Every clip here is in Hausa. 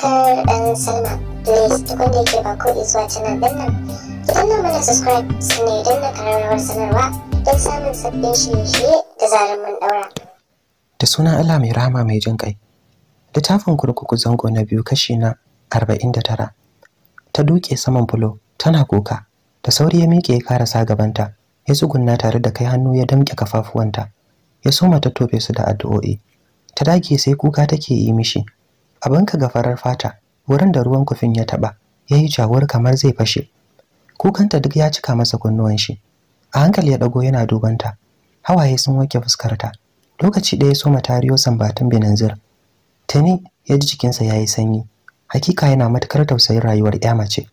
subscribe and sign up. Please tukun da yake ba ko zuwa canal din nan. Ki danna mana subscribe sannan idan na kararrawar sanarwa don samun sabbin shirye-shirye da zarar mun daura. Da sunan Allah mai rahama mai jin kai. Littafin kurkuku zango na biyu kashi na arba'in da tara. Ta duke saman bulo, tana kuka. Da sauri ya miƙe ya karasa gabanta. Ya tsugunna tare da kai hannu ya damƙe kafafuwanta. Ya soma ta tofe su da addu'o'i. ta dage sai kuka take yi mishi abinka ga farar fata wurin da ruwan kufin ya taɓa ya yi jawar kamar zai fashe kukanta duk ya cika masa kunnuwan shi a hankali ya ɗago yana dubanta hawaye sun wanke fuskarta lokaci ɗaya soma tariyo batun binanzir tuni ya ji jikinsa ya yi sanyi hakika yana matukar tausayin rayuwar ya mace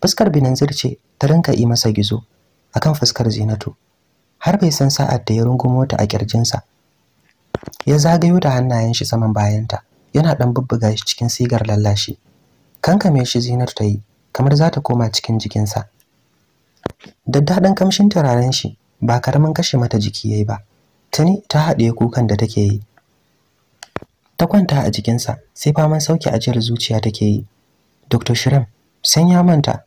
fuskar binanzir ce ta rinka yi masa gizo akan fuskar zinatu har bai san sa'ad da ya rungumo ta a kirjinsa ya zagayo da hannayen shi saman bayanta yana ɗan bubbuga shi cikin sigar lallashi kankame shi zinar ta yi kamar za ta koma cikin jikinsa daddaɗan kamshin turaren shi ba karamin kashe mata jiki yayi ba tuni ta haɗe kukan da take yi ta kwanta a jikinsa sai faman sauke ajiyar zuciya take yi dr shirin san ya manta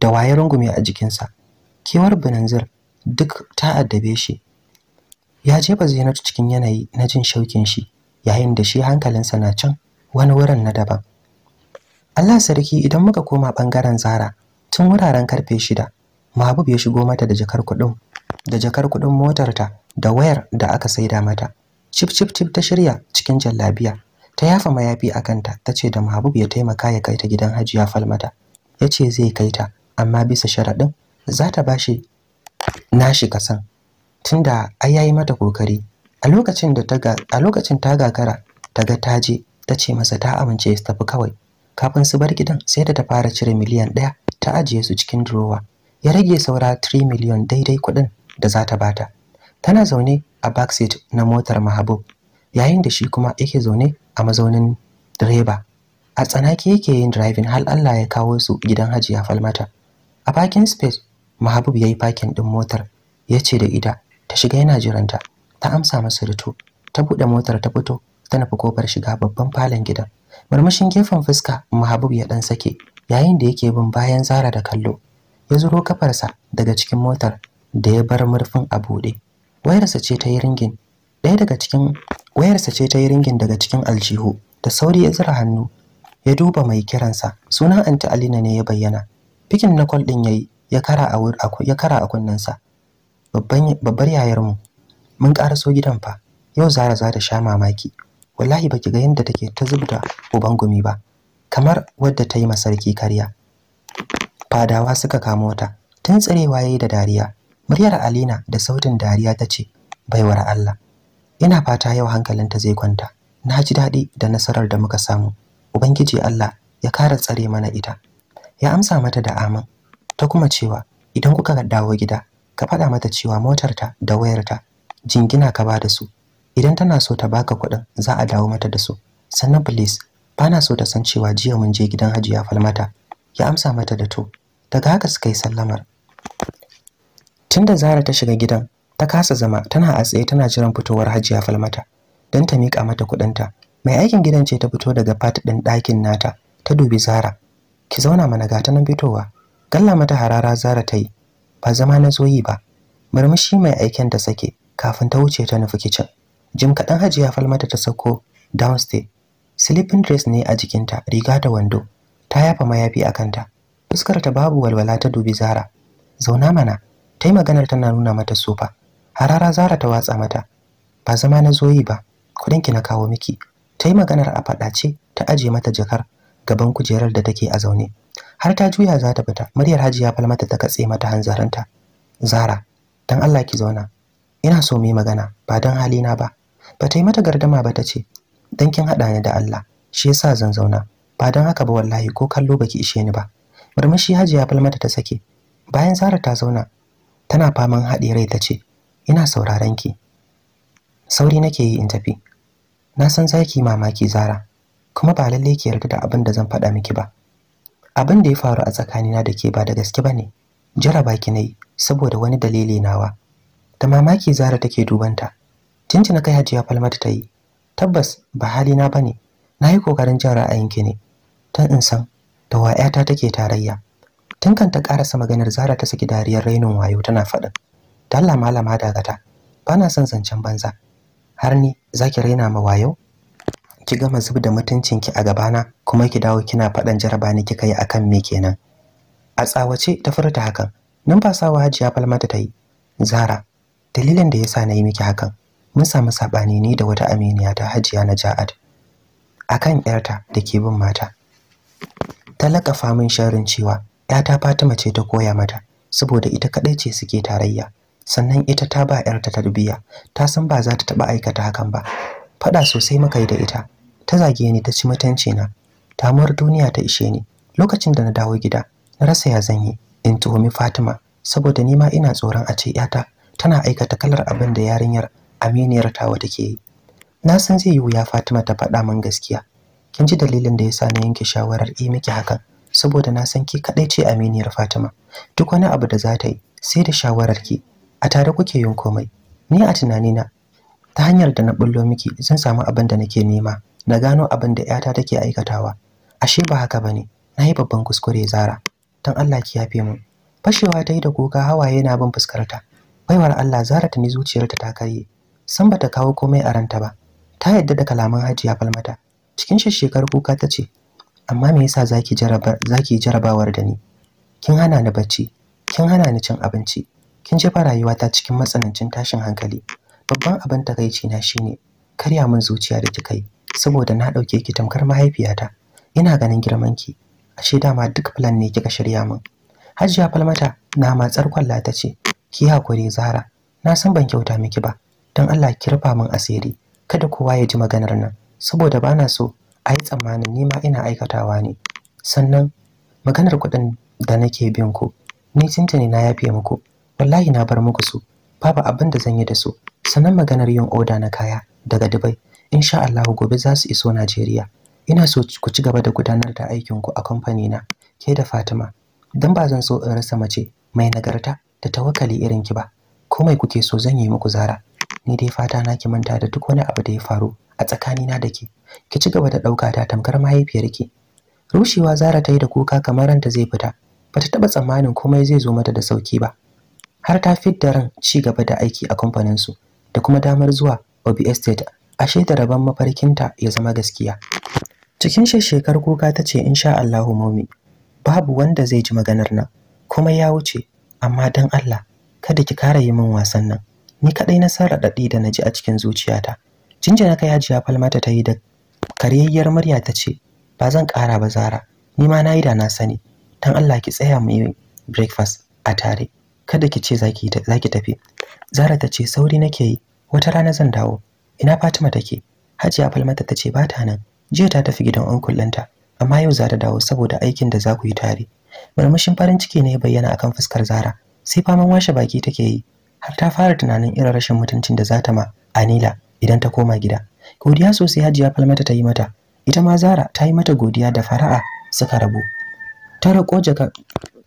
da waye rungume a jikinsa kewar binanzir duk ta addabe shi ya jefa zinar cikin yanayi na jin shaukin shi yayin da shi hankalinsa na can wani wurin na daban Allah sarki idan muka koma ɓangaren Zara tun wuraren karfe shida Mahabub ya shigo mata da jakar kuɗin da jakar kuɗin motarta da wayar da aka saida mata Cip cip ta shirya cikin jallabiya ta yafa mayafi a kanta ta ce da Mahabub ya taimaka ya kai ta gidan Hajiya Falmata ya ce zai kai ta amma bisa sharaɗin za ta bashi nashi kasan tunda ai yayi mata kokari a lokacin da ta a lokacin ta gagara ta ga ta je ta ce masa ta amince su tafi kawai kafin su bar gidan sai da ta fara cire miliyan ɗaya ta ajiye su cikin durowa ya rage saura 3 miliyan daidai kuɗin da za ta bata tana zaune a backseat na motar mahabub yayin da shi kuma yake zaune a mazaunin direba a tsanaki yake yin driving hal Allah ya kawo su gidan hajiya falmata a bakin space mahabub ya yi parking ɗin motar ya ce da ida ta shiga yana jiranta ta amsa masa rito ta buɗe motar ta fito ta nufi kofar shiga babban falon gidan murmushin gefen fuska mahabub ya dan sake yayin da yake bin bayan zara da kallo ya zuro kafarsa daga cikin motar da ya bar murfin a buɗe wayarsa ce ta yi ringin ɗaya daga cikin wayarsa ce ta ringin daga cikin aljihu da sauri ya zira hannu ya duba mai kiransa sunan anti alina ne ya bayyana fikin na kwal ɗin yayi ya kara a ya kara a kunnensa babban babbar yayarmu mun karaso gidan fa yau Zara za ta sha mamaki wallahi baki ga yanda take ta zubda uban gumi ba kamar wadda ta yi masarki karya fadawa suka kama wata, tun tsarewa ya yi da dariya muryar Alina da sautin dariya ta ce baiwar Allah ina fata yau hankalinta zai kwanta na ji daɗi da nasarar da muka samu ubangiji Allah ya kara tsare mana ita ya amsa mata da amin ta kuma cewa idan kuka dawo gida ka faɗa mata cewa motarta da wayarta jingina ka ba da su idan tana so ta baka kuɗin za a dawo mata da su sannan please bana so ta san cewa jiya mun je gidan Hajiya Falmata ya amsa mata da to daga haka suka yi sallamar tunda Zara ta shiga gidan ta kasa zama tana a tsaye tana jiran fitowar Hajiya Falmata dan ta mika mata kuɗinta mai aikin gidan ce ta fito daga fat ɗin ɗakin nata ta dubi Zara ki zauna mana ga ta nan fitowa galla mata harara Zara ta yi ba zama na zo ba murmushi mai aiken ta sake kafin ta wuce ta nufi kicin jim kaɗan hajiya falmata ta sauko downstay. sleeping dress ne a jikinta riga da wando ta yafa mayafi a kanta fuskar ta babu walwala ta dubi zara zauna mana ta yi maganar tana nuna mata sofa harara zara ta watsa mata ba zama na zoyi ba ki na kawo miki ta yi maganar a faɗace ta aje mata jakar gaban kujerar da take a zaune har ta juya za ta fita muryar hajiya falmata ta katse mata hanzarinta zara dan allah ki zauna ina so mu magana ba don halina ba ba ta yi mata gardama ba ta ce Don kin haɗa ni da Allah shi yasa zan zauna ba don haka ba wallahi ko kallo baki ishe ni ba murmushi hajiya falmata ta sake bayan zara ta zauna tana faman haɗe rai ta ce ina sauraron ki sauri nake yi in tafi na san zaki mamaki zara kuma ba lallai ki yarda da abin da zan faɗa miki ba abin da ya faru a tsakanina da ke ba da gaske bane jaraba ki yi. saboda wani dalili nawa da mamaki zara take dubanta na kai hajiya falmata ta yi tabbas ba hali na ne. na yi kokarin jin ra'ayin ki ne tun in san da wa ta take tarayya tun kan ta karasa maganar zara ta saki dariyar rainin wayo tana faɗin dalla malama dagata ba na son zancen banza har ni za ki raina ma wayo ki gama zub da mutuncinki a gabana kuma ki dawo kina faɗan jaraba ni kika yi akan me kenan a tsawace ta furta hakan numfasawa hajiya falmata ta yi zara dalilin da yasa na yi miki hakan mun samu sabani ne da wata aminiya ta Hajiya na ja'ad akan yarta da ke bin mata talaka famin sharrin cewa yata Fatima ce ta koya mata saboda ita kadai ce suke tarayya sannan ita ta ba yarta tarbiy'a ta san ba za ta taba aikata hakan ba fada sosai muka yi da ita ta zage ni ta ci mutunci na ta tamuwar duniya ta ishe ni lokacin da na dawo gida na rasa ya zanyi in tuhumi Fatima saboda nima ina tsoron a ce yata tana aikata kalar abin da yarinyar aminiyar tawa take yi na san zai yi wuya fatima ta faɗa min gaskiya kin ji dalilin da yasa na yanke shawarar yi miki hakan saboda na san ki kaɗai ce aminiyar fatima duk wani abu da za ta yi sai da shawarar ki a tare kuke yin komai ni a tunani na. ta hanyar da na bullo miki zan samu abin da nake nema na gano abin da 'yata take aikatawa ashe ba haka bane na yi babban kuskure zara don allah ki yafe min fashewa ta yi da kuka hawaye na bin fuskarta baiwar Allah Zara ta ni zuciyarta ta karye san ta kawo komai a ranta ba ta yadda da kalaman Hajiya Falmata cikin shekar kuka ta ce amma me yasa zaki jaraba zaki jarabawar da ni kin hana ni bacci kin hana ni cin abinci kin jefa rayuwata cikin matsanancin tashin hankali babban abin takaici na shine karya min zuciya da kika yi saboda na dauke ki tamkar mahaifiyata ina ganin girman ki ashe dama duk plan ne kika shirya min Hajiya Falmata na matsar kwalla ta ce ki hakuri Zahra na san ban kyauta miki ba dan Allah ki rufa min asiri kada kowa ya ji maganar nan saboda bana so a yi tsammanin nima ina aikatawa ne sannan maganar kuɗin da nake bin ku ni ne na yafe muku wallahi na bar muku su babu abin da zan yi da su sannan maganar yin oda na kaya daga Dubai insha Allah gobe za su iso Najeriya ina so ku ci gaba da gudanar da aikin ku a kamfani na ke da Fatima dan ba zan so in rasa mace mai nagarta da tawakkali irin ki ba komai kuke so zan yi muku zara ni dai fata na ki manta da duk wani abu da ya faru a tsakanina da ke ki ci gaba da ɗauka ta tamkar mahaifiyarki rushewa zara ta yi da kuka kamar ranta zai fita bata taɓa tsammanin komai zai zo mata da sauki ba har ta fidda ran ci gaba da aiki a kamfaninsu da kuma damar zuwa Obi Estate ashe da rabon mafarkinta ya zama gaskiya cikin shekar kuka ta ce insha Allahu mami babu wanda zai ji maganar nan kuma ya wuce amma don Allah kada ki kara yi min wasan nan ni kadai na san daɗi da na ji a cikin zuciyata jinjina kai hajiya falmata ta yi da karyayyar murya ta ce ba zan kara ba zara ni ma na yi da na sani don Allah ki tsaya mu yi breakfast a tare kada ki ce zaki zaki tafi zara ta ce sauri nake yi wata rana zan dawo ina fatima take hajiya falmata ta ce ba ta nan jiya ta tafi gidan onkul ɗinta amma yau za ta dawo saboda aikin da za ku yi tare murmushin farin ciki ne ya bayyana akan fuskar Zara sai faman washe baki take yi har ta fara tunanin irin rashin mutuncin da za ta ma Anila idan ta koma gida godiya sosai Hajiya Falmata ta yi mata ita ma Zara ta yi mata godiya da fara'a suka rabu ta riko jaka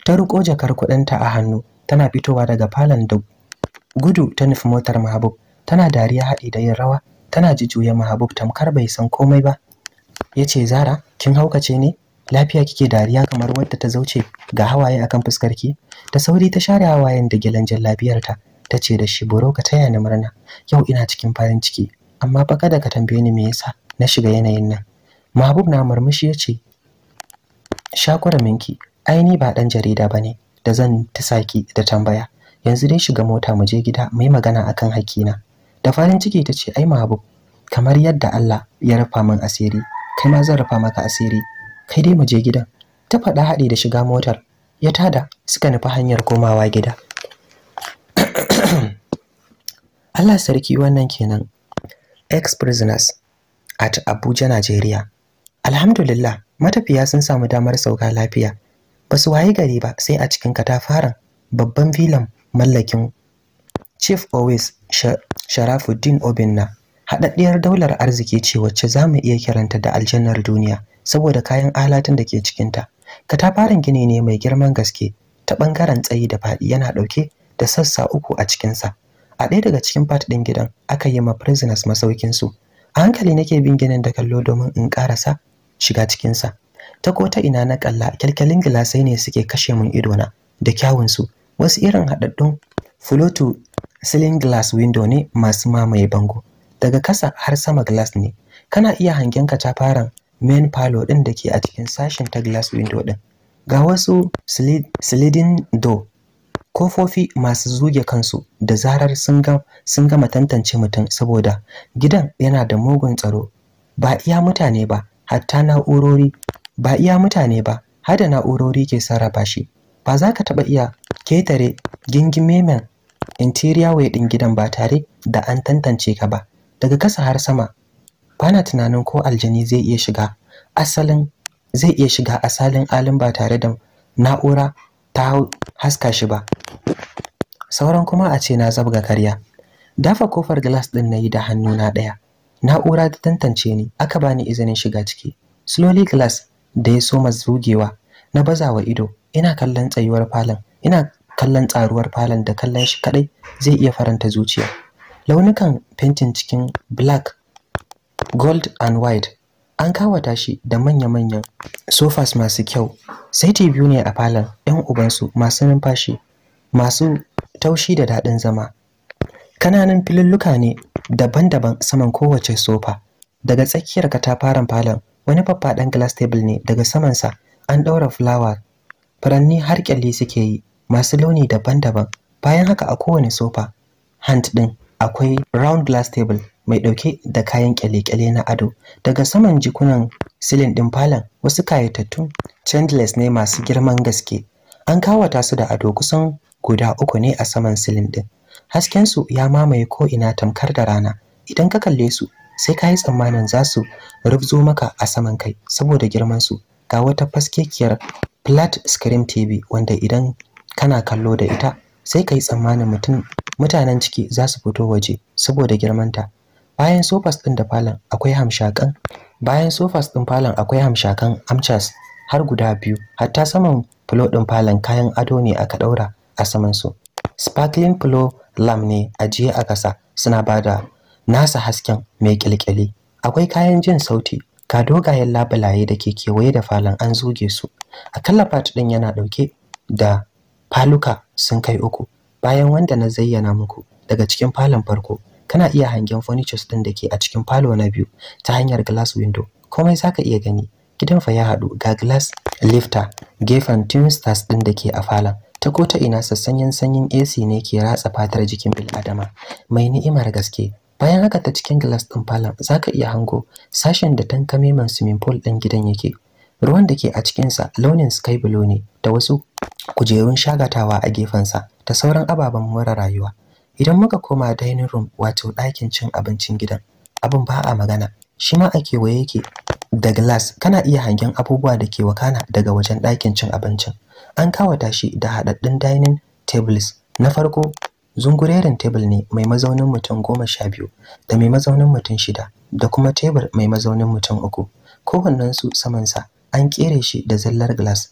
ta jakar kudinta a hannu tana fitowa daga falon da gudu ta nufi motar Mahabub tana dariya haɗi da yin rawa tana jujjuya Mahabub tamkar bai san komai ba yace Zara kin haukace ne lafiya kike dariya kamar wadda ta zauce ga hawaye akan fuskarki ta sauri ta share hawayen da jan lafiyarta ta ce da shi boro ka taya ni murna yau ina cikin farin ciki amma fa kada ka tambaye ni me yasa na shiga yanayin nan Mahabub na murmushi ya ce shakura minki ai ni ba dan jarida bane da zan ta saki da tambaya yanzu dai shiga mota mu je gida mu yi magana akan hakina da farin ciki ta ce ai mahabub. kamar yadda Allah ya rufa min asiri kai ma zan rufa maka asiri kai dai mu je gidan ta faɗa haɗi da shiga motar ya tada suka nufi hanyar komawa gida Allah sarki wannan kenan ex prisoners at Abuja Nigeria alhamdulillah matafiya sun samu damar sauka lafiya ba su wayi gari ba sai a cikin katafaren babban filan mallakin chief always Sharafuddin Obinna haɗaɗɗiyar daular arziki ce wacce za mu iya kiranta da aljannar duniya saboda kayan alatun da ke cikinta katafaren gini ne mai girman gaske ta ɓangaren tsayi da faɗi yana ɗauke da sassa uku a cikinsa a ɗaya daga cikin fat ɗin gidan aka yi ma prisoners masaukinsu a hankali nake bin ginin da kallo domin in ƙarasa shiga cikinsa ta ko ta ina na kalla kyalkyalin gilasai ne suke kashe min idona da kyawunsu wasu irin haɗaɗɗun fulotu ceiling glass window ne masu mamaye bango daga kasa har sama glass ne kana iya hangen tafaran main palo din da ke a cikin sashen ta glass window din ga wasu sliding door kofofi masu zuge kansu da zarar sun gama tantance mutum saboda gidan yana da mugun tsaro ba iya mutane ba hatta na'urori ba iya mutane ba hada na'urori ke sarrafa shi ba za ka taɓa iya ketare gingimemen interior way ɗin gidan ba tare da an tantance ka ba daga kasa har sama bana tunanin ko aljani zai iya shiga asalin zai iya shiga asalin alin ba tare da na'ura ta haska shi ba sauran kuma a ce na zabga karya dafa kofar glass din nayi da hannu na daya na'ura ta tantance ni aka bani izinin shiga ciki slowly glass da ya soma zugewa na bazawa ido ina kallon tsayuwar falon ina kallon tsaruwar falon da kallon shi kadai zai iya faranta zuciya launukan fentin cikin black gold and white an kawata shi da manya-manyan sofas masu kyau sai biyu ne a falon yan ubansu masu numfashi masu taushi da daɗin zama kananan filulluka ne daban-daban saman kowace sofa daga tsakiyar katafaren falon wani faffaɗan glass table ne daga samansa an ɗaura fulawa furanni har ƙyalle suke yi masu launi daban-daban bayan haka a kowane sofa hand ɗin akwai round glass table mai ɗauke da kayan kyale-kyale na ado daga saman jikunan silin ɗin falon wasu kayatattun chandless ne masu girman gaske an kawata su da ado kusan guda uku ne a saman silin ɗin su ya mamaye ko ina tamkar da rana idan ka kalle su sai ka yi tsammanin za su rubzo maka a saman kai saboda girman su ga wata faskekiyar flat screen tv wanda idan kana kallo da ita sai ka yi tsammanin mutum mutanen ciki za su fito waje saboda girmanta bayan sofas ɗin da falon akwai hamshakan bayan sofas ɗin falon akwai hamshakan amchas har guda biyu hatta saman fulo ɗin falon kayan ado ne aka ɗaura a saman su sparkling flo lam ne ajiye a ƙasa suna ba da nasa hasken mai ƙilƙili akwai kayan jin sauti ga dogayen labulaye da ke kewaye da falon an zuge su akalla fatu ɗin yana ɗauke da faluka sun kai uku bayan wanda na zayyana muku daga cikin falon farko kana iya hangen furnitures din da ke a cikin falo na biyu ta hanyar glass window komai zaka iya gani gidan fa ya haɗu ga glass lifter gefen tunstars stars din da ke a falon ta ko ta ina sassanyen sanyin AC ne ke ratsa fatar jikin adama mai ni'imar gaske bayan haka ta cikin glass din falon zaka iya hango sashen da tankame man swimming pool din gidan yake ruwan da ke a cikinsa launin sky blue ne da wasu kujerun shagatawa a gefensa da sauran ababen more rayuwa idan muka koma dining room wato ɗakin cin abincin gidan abin ba a magana shi ma a kewaye yake da glass kana iya hangen abubuwa da ke wakana daga wajen ɗakin cin abincin an kawata shi da haɗaɗɗun dining tables na farko zungurerin table ne mai mazaunin mutum goma sha biyu da mai mazaunin mutum shida da kuma tebur mai mazaunin mutum uku kowannensu samansa an ƙere shi da zallar glass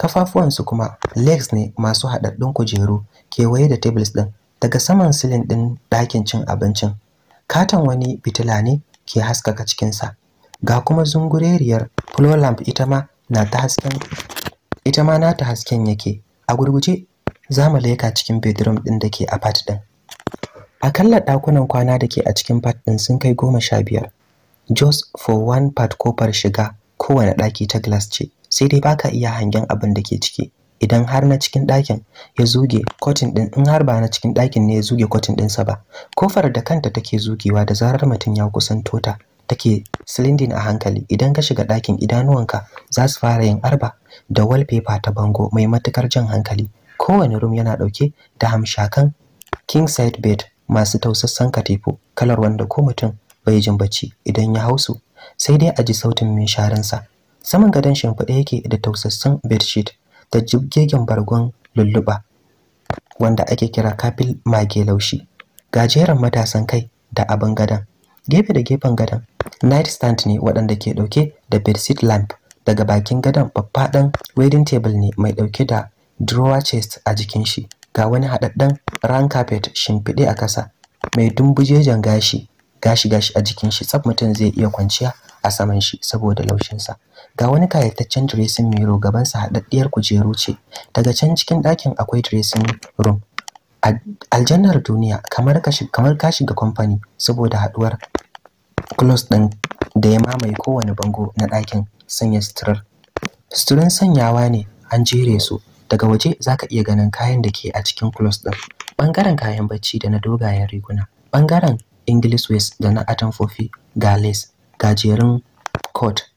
kafafuwansu kuma legs ne masu haɗaɗɗun kujeru kewaye da tables ɗin daga saman silin ɗin ɗakin cin abincin katon wani fitila ne ke haskaka cikinsa ga kuma zungureriyar floor lamp ita ma na ta hasken ita ma nata hasken yake a gurguje za mu leka cikin bedroom ɗin da ke apart ɗin akalla ɗakunan kwana da ke a cikin part ɗin sun kai goma sha biyar just for one part kofar shiga kowane ɗaki ta glass ce sai dai baka iya hangen abin da ke ciki idan har na cikin ɗakin ya zuge kotin ɗin in har ba na cikin ɗakin ne ya zuge kotin ɗinsa ba kofar da kanta take zugewa da zarar mutum ya kusanto ta take silindin a hankali idan ka shiga ɗakin idanuwanka za su fara yin arba da wallpaper ta bango mai matukar jan hankali kowane room yana ɗauke da hamshakan king side bed masu tausassan katifu kalar wanda ko mutum bai jin bacci idan ya hausu sai dai a ji sautin minsharinsa saman gadon shimfiɗe yake da tausassun bedsheet da jibgegen bargon lulluɓa wanda ake kira kafil mage laushi gajeren matasan kai da abin gadon gefe da gefen gadon night stand ne waɗanda ke ɗauke da bedsheet lamp daga bakin gadon faffaɗan wedding table ne mai ɗauke da drawer chest a jikin shi ga wani haɗaɗɗen ran carpet shimfiɗe a ƙasa mai dumbujejen gashi gashi gashi a jikin shi tsab mutum zai iya kwanciya a saman shi saboda laushinsa ga wani kayataccen dressing mirror gabansa haɗaɗɗiyar kujeru ce daga can cikin ɗakin akwai dressing room aljannar duniya kamar ka kamar ka shiga kamfani saboda haɗuwar close ɗin da ya mamaye kowane bango na ɗakin sanya suturar suturin sanyawa ne an jere su daga waje zaka iya ganin kayan da ke a cikin close ɗin ɓangaren kayan bacci da na dogayen riguna ɓangaren english waist da na atamfofi ga lace gajerun coat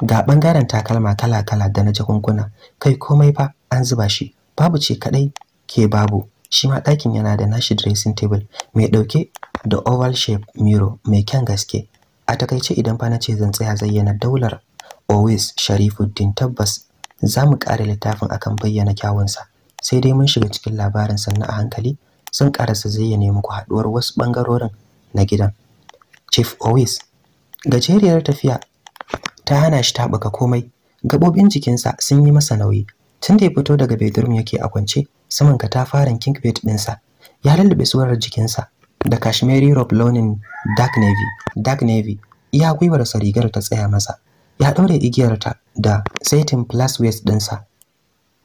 ga ɓangaren takalma kala-kala da na jakunkuna kai komai fa an zuba shi babu ce kadai ke babu shi ma ɗakin yana da nashi dressing table mai ɗauke da oval shape mirror mai kyan gaske a takaice idan fa na ce zan tsaya zayyana daular Owais Sharifuddin tabbas za mu ƙara littafin akan bayyana kyawunsa sai dai mun shiga cikin labarin sannan a hankali sun karasa zayyane muku haɗuwar wasu bangarorin na gidan Chief Owis gajeriyar tafiya ta hana shi tabuka komai Gabobin jikinsa sun yi masa nauyi Tunda ya fito daga bedroom yake a kwance saman fara king bed ɗinsa ya lullube surar jikinsa da cashmere robe launin dark navy dark navy iya gwiwarsa rigar ta tsaya masa ya ɗaure ta da saitin plus waist ɗinsa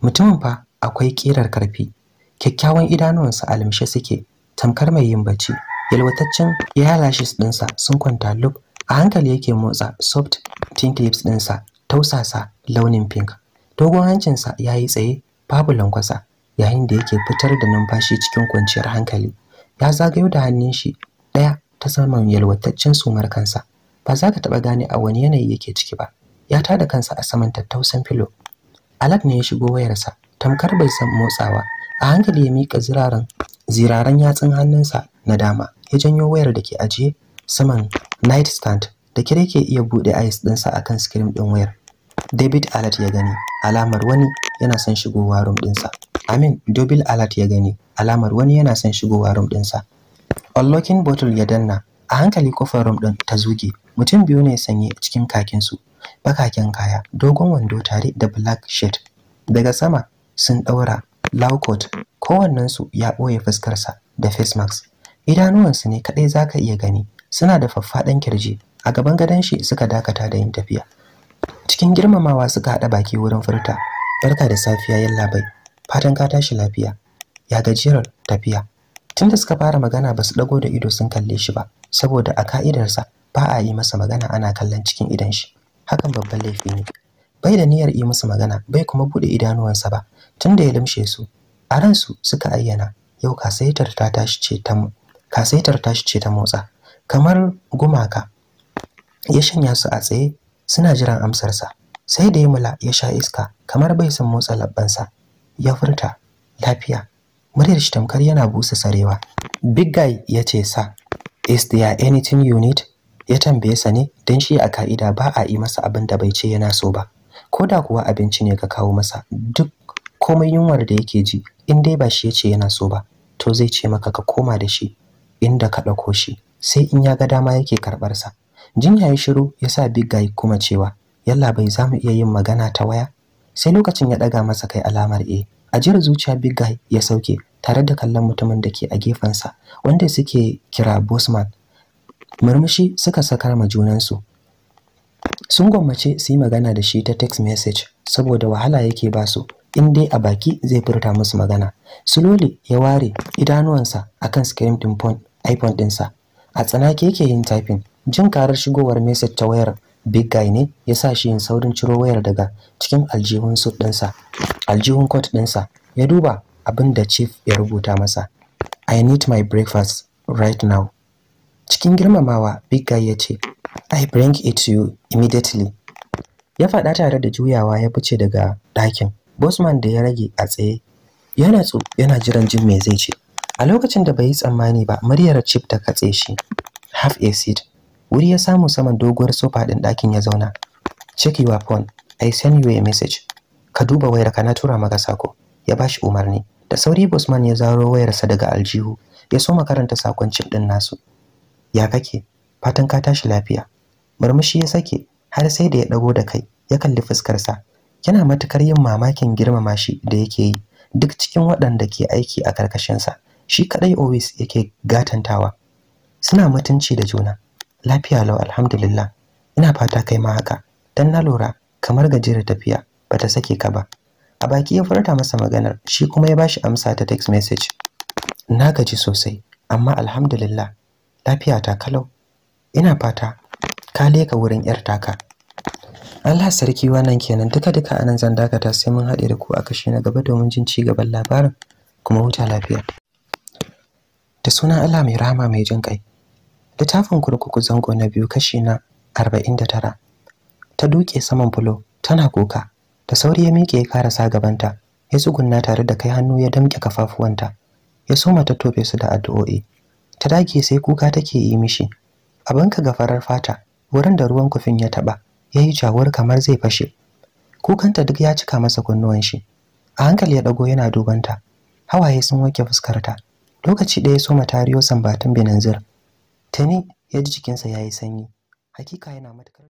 mutumin fa akwai ƙirar karfi kyakkyawan idanuwansa alimshe suke tamkar mai yin bacci yalwataccen eyelashes ɗinsa sun kwanta lub a hankali yake motsa soft tintips lips sa tausasa launin pink dogon hancinsa ya yi tsaye babu lankwasa yayin da yake fitar da numfashi cikin kwanciyar hankali ya zagayo da hannun shi ɗaya ta saman yalwataccen sumar kansa ba za ka taɓa gane a wani yanayi yake ciki ba ya tada kansa a saman tattausan filo Alak ne ya shigo wayarsa tamkar bai san motsawa a hankali ya mika ziraren ziraren yatsun hannunsa na dama ya janyo wayar da ke ajiye saman nightstand da kira ke iya buɗe din ɗinsa akan screen ɗin wayar david alert ya gani alamar wani yana son shigowa room ɗinsa amin dobil alert ya gani alamar wani yana son shigowa room ɗinsa unlocking bottle ya danna a hankali kofar room ɗin ta zuge mutum biyu ne sanye cikin kakin su bakaken kaya dogon wando tare da black shirt daga sama sun ɗaura law coat su ya ɓoye fuskarsa da face mask idanuwansu ne kadai zaka iya gani suna da faffaɗan kirji a gaban gadon shi suka dakata da yin tafiya cikin girmamawa suka haɗa baki wurin furta barka da safiya yalla bai fatan ka tashi lafiya ya gajiyar tafiya tunda suka fara magana ba su dago da ido sun kalle shi ba saboda a ka'idarsa ba a yi masa magana ana kallon cikin idan shi hakan babban laifi ne bai da niyyar yi musu magana bai kuma bude idanuwansa ba tunda ya limshe su a ransu suka ayyana yau kasaitar ta tashi ce ta kasaitar tashi ce ta motsa kamar gumaka ya shanya su a tsaye suna jiran amsarsa sai da ya ya sha iska kamar bai san motsa labbansa ya furta lafiya muryar shi tamkar yana busa sarewa big guy ya ce sa is there anything you need ya tambaye sa ne don shi a ka'ida ba a yi masa abin da bai ce yana so ba ko da kuwa abinci ne ka kawo masa duk komai yunwar da yake ji in dai ba shi ya ce yana so ba to zai ce maka ka koma da shi inda ka ɗauko shi sai in ya ga dama yake karɓarsa Jinya ya shiru ya sa Big Guy kuma cewa, "Yalla bai za mu iya yin magana ta waya?" Sai lokacin ya ɗaga masa kai alamar eh. A. Ajiyar zuciya Big Guy ya sauke tare da kallon mutumin da ke a gefensa wanda suke kira Bosman. Murmushi suka sakar ma junansu. Sun gwammace su yi magana da shi ta text message saboda wahala yake ba su in dai a baki zai furta musu magana. Sulole ya ware idanuwansa akan screen din phone iPhone ɗinsa. A tsanake yake yin typing jin karar shigowar message ta wayar big guy ne ya sa shi yin saurin ciro wayar daga cikin aljihun suit dinsa, aljihun coat ɗinsa ya duba abin da chief ya rubuta masa i need my breakfast right now cikin girmamawa big guy ya ce i bring it to you immediately ya faɗa tare da juyawa ya fice daga dakin. bosman da ya rage a tsaye yana yana jiran jin me zai ce a lokacin da bai yi tsammani ba muryar chief ta katse shi half a seat wuri ya samu saman doguwar sofa din ɗakin ya zauna check your phone i send you a message ka duba wayarka na tura maka sako ya bashi umarni da sauri Bosman ya zaro wayarsa daga aljihu ya so makaranta sakon cin din nasu ya kake fatan ka tashi lafiya murmushi ya sake har sai da ya dago da kai ya kalli fuskarsa yana matukar yin mamakin girmama shi da yake yi duk cikin waɗanda ke aiki a karkashinsa shi kadai always yake gatantawa suna mutunci da juna lafiya lau alhamdulillah ina fata kai ma haka dan na lura kamar gajere tafiya bata sake ka ba a baki ya furta masa maganar shi kuma ya bashi amsa ta text message na gaji sosai amma alhamdulillah lafiya ta kalau ina fata ka leka wurin yar taka Allah sarki wannan kenan duka duka anan zan dakata sai mun haɗe da ku a kashi na gaba domin jin ci gaban labarin kuma huta lafiya da suna Allah mai rahama mai jin kai littafin kurkuku zango na biyu kashi na arba'in da tara. ta duke saman fulo tana kuka da sauri ya miƙe ya karasa gabanta ya tsugunna tare da kai hannu ya damƙe kafafuwanta ya soma ta tofe su da addu'o'i ta dage sai kuka take yi mishi ka ga farar fata wurin da ruwan kufin ya taɓa, ya yi jawar kamar zai fashe kukanta duk ya cika masa kunnuwan shi a hankali ya ɗago yana dubanta hawaye sun wanke fuskarta lokaci ɗaya ya soma tariyo sambatin binanzir tuni ya ji jikinsa ya yi sanyi hakika yana matuƙar.